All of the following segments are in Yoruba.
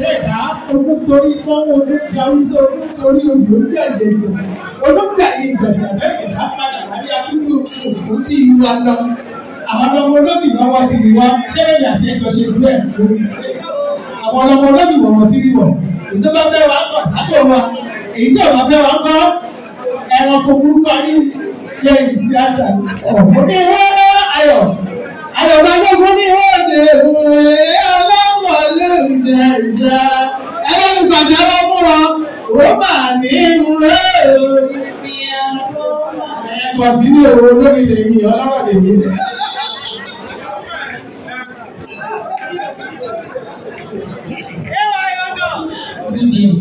àtẹ̀dá ogún torí fọ́nwó oníṣẹ́ àwùjọ ogún torí ojú ojú ẹ̀jẹ̀ jù olóńjà ni ìjọ̀sìn àbẹ́kẹ̀sà padà láyé akúndùn òkú bí ìlú alọ àwọn ọmọ olómìnira wa ti rí wa ṣẹ́lẹ̀ àti ẹjọ́ ṣe ìlú ẹ̀ àwọn ọmọ olómìnira wọn ti rí wọ̀ ìjọba fẹ́ wa kọ̀ lápò wa èyí tí ọ̀gá fẹ́ wa kọ́ ẹranko burúkú ayé yẹ ìsí àjà ọ̀hún ní ìwé ayọ̀ ayọ̀ bá gbogbo ní ìwé òde ìwé ọlọ́run wọlé ìjẹ ìjẹ ẹlẹ́nu gbàjẹ́ ló mú ọ rọ́bà ní ìmúlẹ̀ kọ̀tínú òwò lórí lèmi ọlọ́rọ̀ lèmi.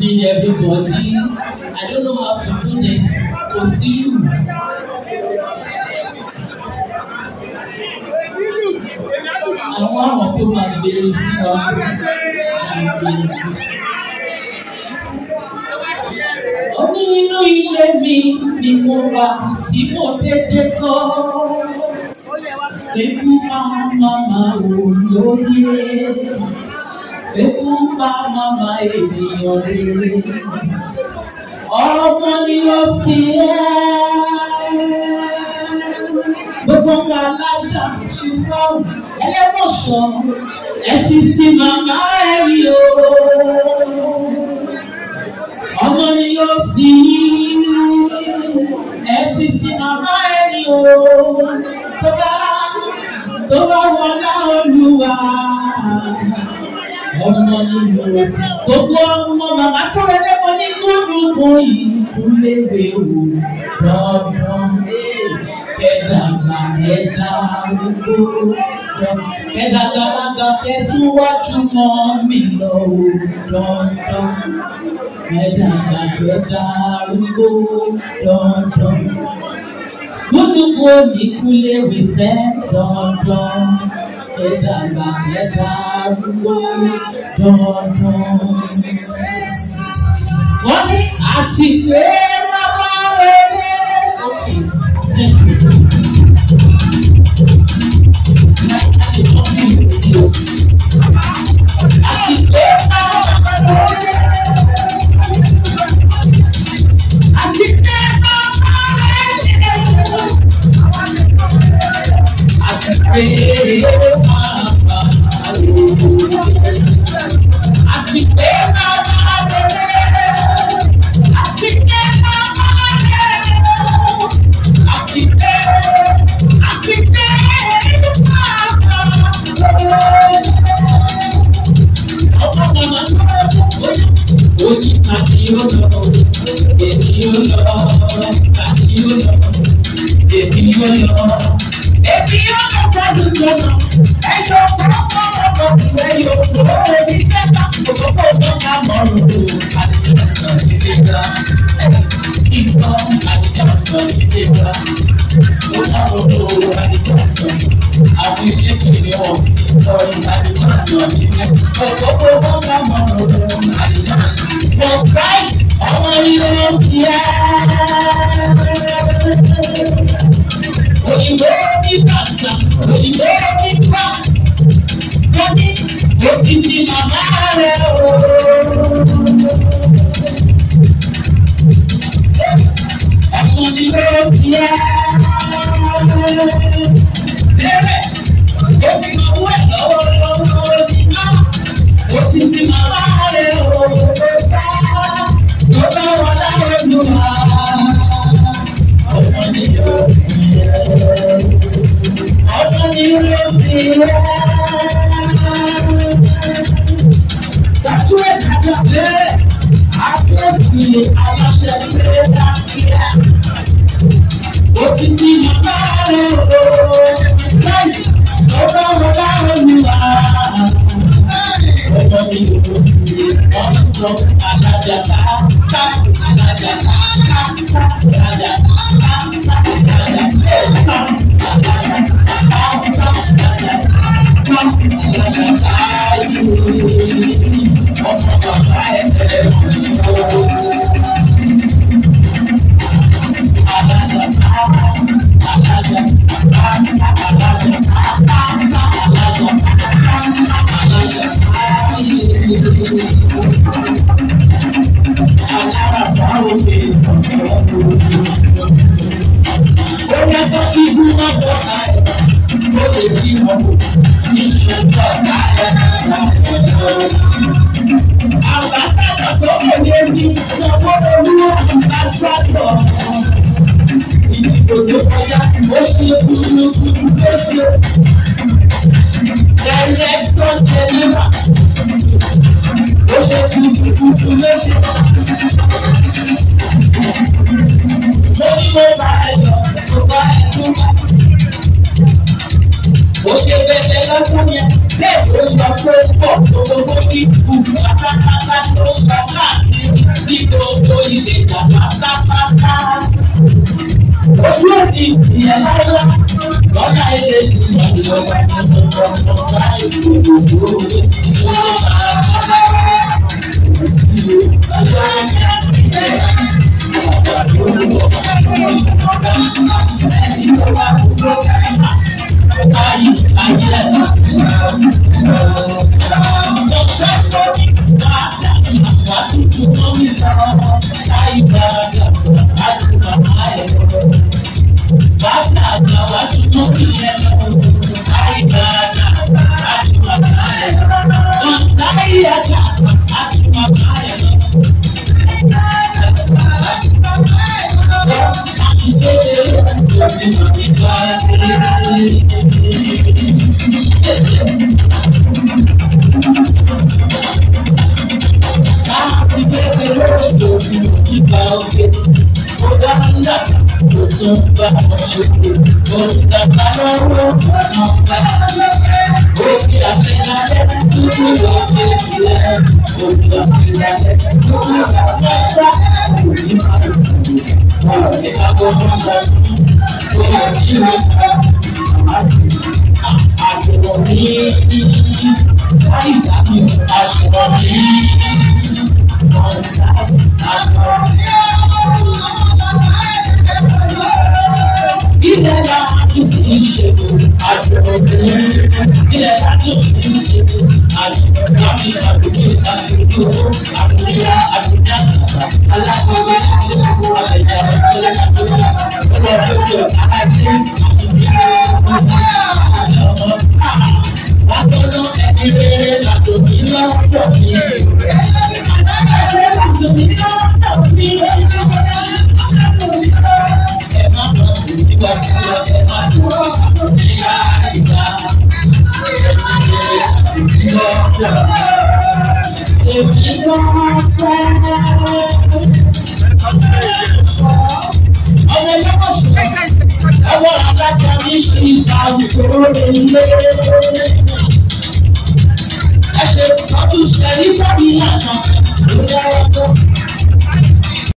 Been everybody. I don't know how to do this. Kò sí lù. who have been Omi inú ilé mi ni mo wà tí mo dédé kọ́. Eku pa mama wò lóye. Eku pa mama ènìyàn rere. Ọmọ ni ó sì ẹ́. Gbogbo nǹkan alájà ṣùgbọ́n ẹlẹ́mọ̀ṣọ́ ẹ ti sin màmá ẹ rí o. ọmọ ni yóò sì yín ẹ ti sin màmá ẹ rí o. tó bá tó bá wọlá olúwa ọmọ nínú ẹsẹ̀. Gbogbo ọmọ bàbá tó rẹ lẹ́kọ̀ọ́ ní kúndùnkùn yìí tún léwe o dọ́dọ́. Kẹ̀dàgbà ẹ̀dá gbogbo kẹ dàgbàlagbà kẹ síwájú mọ́ mi lọ wò dandan kẹ dàgbà kẹ dàrúgbó dandan gbólógbó oníkúlé wíṣẹ́ dandan kẹ dàgbà kẹ dàrúgbó dandan. wọ́n ní àsìkò ẹ̀rọ. ti ní wọ́n lọ. Èmi yóò lọ sọ́dún tó lọ. Ẹyọ kọ́kọ́ kọ́kọ́ kù ẹyọ kò oníṣẹ́ kàkó kókó tó ká mọ̀ ọ́. Àdìjọ́ náà ti lè gbà. Ìtọ́ àdìjọ́ náà ti lè gbà. Mo náà lọ lọ àdìjọ́ náà. Àwọn ilé kìíní ọ̀ lọ àdìjọ́ náà ti lè. Kókó kókó ká mọ̀ ọ́. Àdìjọ́ náà. Wọ́n fẹ́ ọmọ ilé ó ti yá òyìnbó ní tàṣà òyìnbó ní tà mo ní mo ti ti bàbá rẹ o. ọkùnrin ló ṣe é. you will see Àbásádọ̀ tó kéde ní Sanwó-Olú àbásádọ̀. Ìdìbò tó kọjá ó ṣe kúlúkúlú lójú. Ẹyẹ tó jẹ níwà ó ṣe kúlúkúlú lójú. bó ṣe bẹ̀rẹ̀ lọ́sàn yẹn bẹ́ẹ̀ ló ń lọ tó ń bọ̀ gbogbo ní gbùdù pátápátá tó ń lọ káàkiri ní gbogbo ilé ìjàmbá pátápátá. ojú òní ìyẹn láyọ̀ lọ́nà èdè ìgbàlódé ọ̀gá ìgbàlódé ọ̀gá ìgbàlódé. tún bá wọn ṣòfò òǹkà bá lọ́wọ́ ọ̀nà bá lọ́wọ́ òkè àṣeyọlẹ̀ nínú òkè tiẹ̀ òkè àṣeyọlẹ̀ nínú àpáta òní àdúgbò òní àgbọ̀dọ̀ lọ òní ìlú àgbọ̀dọ̀ ní àìsàn àṣeyọlẹ̀. i. àdàkàdé làdòbí lọ́pọ̀ sí i. ẹ má bọ̀ nígbà tí wọ́n Yeah. Ọwọ́ alájà mi ṣe ìdàgbò ilé. Ẹ ṣe ìtọ́jú ṣẹ̀rí fọ́bí yàtọ̀ lórí ẹ̀rọ tó.